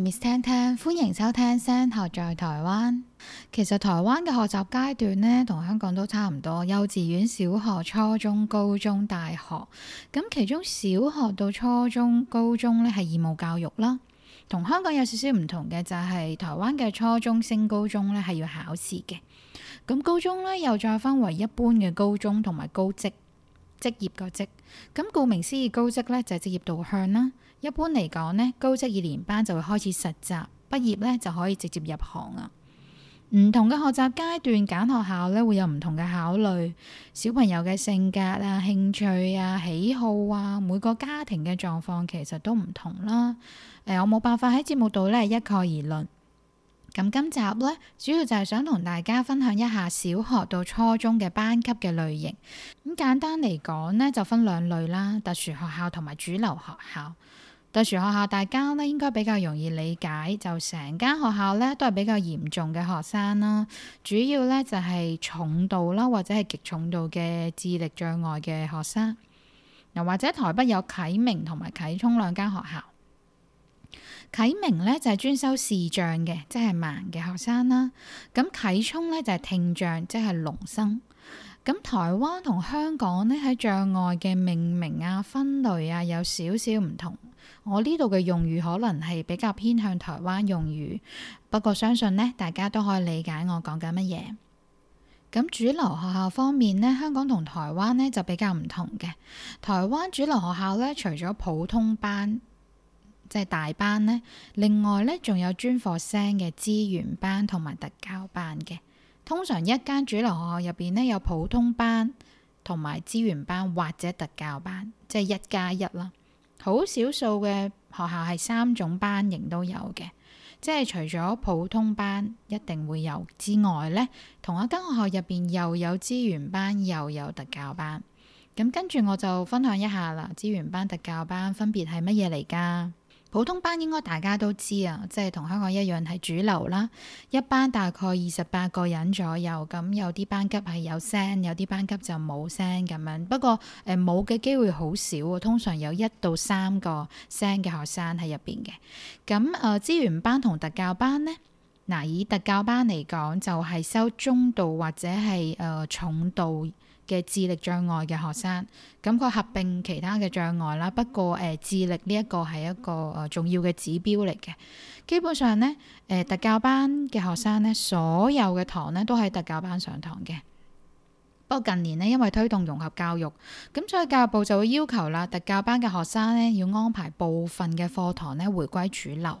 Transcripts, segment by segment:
Miss 聽聽歡迎收聽聲，SEN 學在台灣。其實台灣嘅學習階段呢，同香港都差唔多，幼稚園、小學、初中、高中、大學。咁其中小學到初中、高中呢係義務教育啦。同香港有少少唔同嘅就係、是、台灣嘅初中升高中呢係要考試嘅。咁高中呢又再分為一般嘅高中同埋高職。職業個職，咁顧名思義高職呢就係職業導向啦。一般嚟講呢，高職二年班就會開始實習，畢業呢就可以直接入行啦。唔同嘅學習階段揀學校呢，會有唔同嘅考慮，小朋友嘅性格啊、興趣啊、喜好啊，每個家庭嘅狀況其實都唔同啦。誒，我冇辦法喺節目度呢一概而論。咁今集呢，主要就係想同大家分享一下小學到初中嘅班級嘅類型。咁簡單嚟講呢，就分兩類啦，特殊學校同埋主流學校。特殊學校大家呢應該比較容易理解，就成間學校呢都係比較嚴重嘅學生啦，主要呢就係重度啦，或者係極重度嘅智力障礙嘅學生。又或者台北有啟明同埋啟聰兩間學校。啟明呢就係專收視障嘅，即係盲嘅學生啦。咁啟聰呢就係聽障，即係聾生。咁台灣同香港呢喺障礙嘅命名啊、分類啊有少少唔同。我呢度嘅用語可能係比較偏向台灣用語，不過相信呢大家都可以理解我講緊乜嘢。咁主流學校方面呢，香港同台灣呢就比較唔同嘅。台灣主流學校呢，除咗普通班。即係大班呢，另外呢，仲有專科生嘅資源班同埋特教班嘅。通常一間主流學校入邊呢，有普通班同埋資源班或者特教班，即係一加一啦。好少數嘅學校係三種班型都有嘅，即係除咗普通班一定會有之外呢，同一間學校入邊又有資源班又有特教班。咁跟住我就分享一下啦，資源班、特教班分別係乜嘢嚟㗎？普通班應該大家都知啊，即係同香港一樣係主流啦。一班大概二十八個人左右，咁有啲班級係有聲，有啲班級就冇聲咁樣。不過誒冇嘅機會好少啊，通常有一到三個聲嘅學生喺入邊嘅。咁誒、呃、資源班同特教班呢，嗱、呃、以特教班嚟講，就係、是、收中度或者係誒、呃、重度。嘅智力障礙嘅學生，咁佢合併其他嘅障礙啦。不過誒、呃，智力呢一個係一個誒重要嘅指標嚟嘅。基本上呢，誒、呃，特教班嘅學生呢，所有嘅堂呢都喺特教班上堂嘅。不過近年呢，因為推動融合教育，咁所以教育部就會要求啦，特教班嘅學生呢要安排部分嘅課堂呢，回歸主流。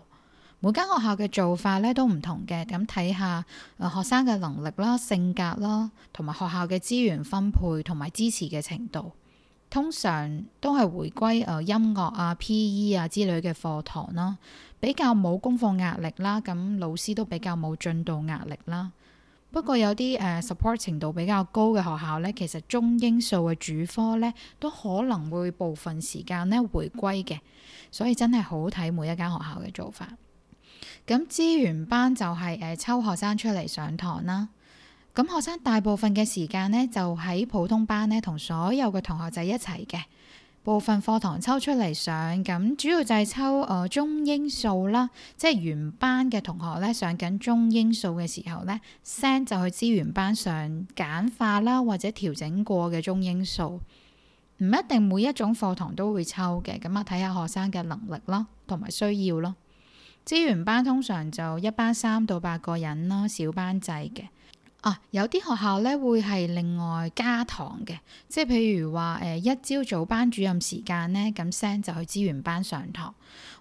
每間學校嘅做法咧都唔同嘅，咁睇下誒、呃、學生嘅能力啦、性格啦，同埋學校嘅資源分配同埋支持嘅程度，通常都係回歸誒、呃、音樂啊、PE 啊之類嘅課堂啦，比較冇功課壓力啦，咁老師都比較冇進度壓力啦。不過有啲誒、呃、support 程度比較高嘅學校呢，其實中英數嘅主科呢都可能會部分時間呢回歸嘅，所以真係好睇每一間學校嘅做法。咁資源班就係誒抽學生出嚟上堂啦。咁學生大部分嘅時間呢，就喺普通班呢同所有嘅同學仔一齊嘅。部分課堂抽出嚟上，咁主要就係抽誒、呃、中英數啦，即係原班嘅同學咧上緊中英數嘅時候咧，生就去資源班上簡化啦，或者調整過嘅中英數。唔一定每一種課堂都會抽嘅，咁啊睇下學生嘅能力咯，同埋需要咯。資源班通常就一班三到八個人啦，小班制嘅。啊，有啲學校咧會係另外加堂嘅，即係譬如話誒、呃、一朝早班主任時間咧，咁 send 就去資源班上堂，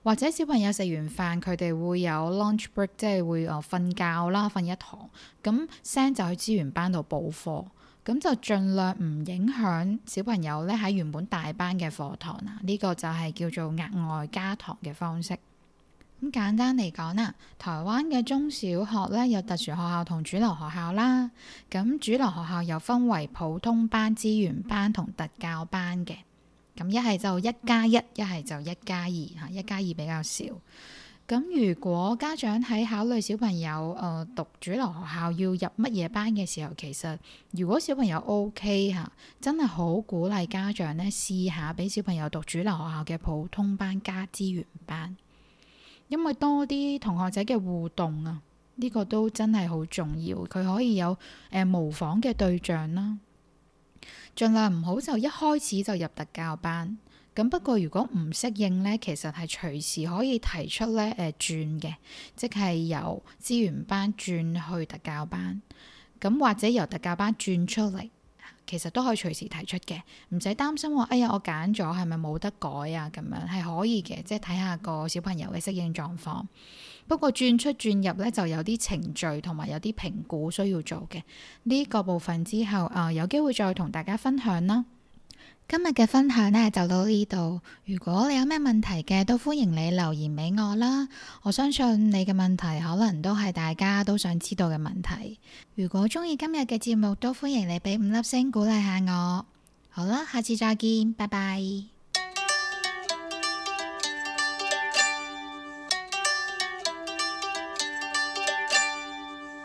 或者小朋友食完飯佢哋會有 lunch break，即係會誒、呃、瞓覺啦，瞓一堂，咁 send 就去資源班度補課，咁就盡量唔影響小朋友咧喺原本大班嘅課堂啊。呢、這個就係叫做額外加堂嘅方式。咁簡單嚟講啦，台灣嘅中小學咧，有特殊學校同主流學校啦。咁主流學校又分為普通班、資源班同特教班嘅。咁一係就一加一，一係就一加二吓，一加二比較少。咁如果家長喺考慮小朋友誒、呃、讀主流學校要入乜嘢班嘅時候，其實如果小朋友 OK 吓，真係好鼓勵家長呢試下俾小朋友讀主流學校嘅普通班加資源班。因為多啲同學仔嘅互動啊，呢、這個都真係好重要。佢可以有誒、呃、模仿嘅對象啦，盡量唔好就一開始就入特教班。咁不過如果唔適應呢，其實係隨時可以提出呢誒轉嘅，即係由資源班轉去特教班，咁或者由特教班轉出嚟。其實都可以隨時提出嘅，唔使擔心話，哎呀，我揀咗係咪冇得改啊？咁樣係可以嘅，即係睇下個小朋友嘅適應狀況。不過轉出轉入咧，就有啲程序同埋有啲評估需要做嘅，呢個部分之後，啊、呃，有機會再同大家分享啦。今日嘅分享呢就到呢度，如果你有咩問題嘅，都歡迎你留言俾我啦。我相信你嘅問題可能都係大家都想知道嘅問題。如果鍾意今日嘅節目，都歡迎你俾五粒星鼓勵下我。好啦，下次再見，拜拜。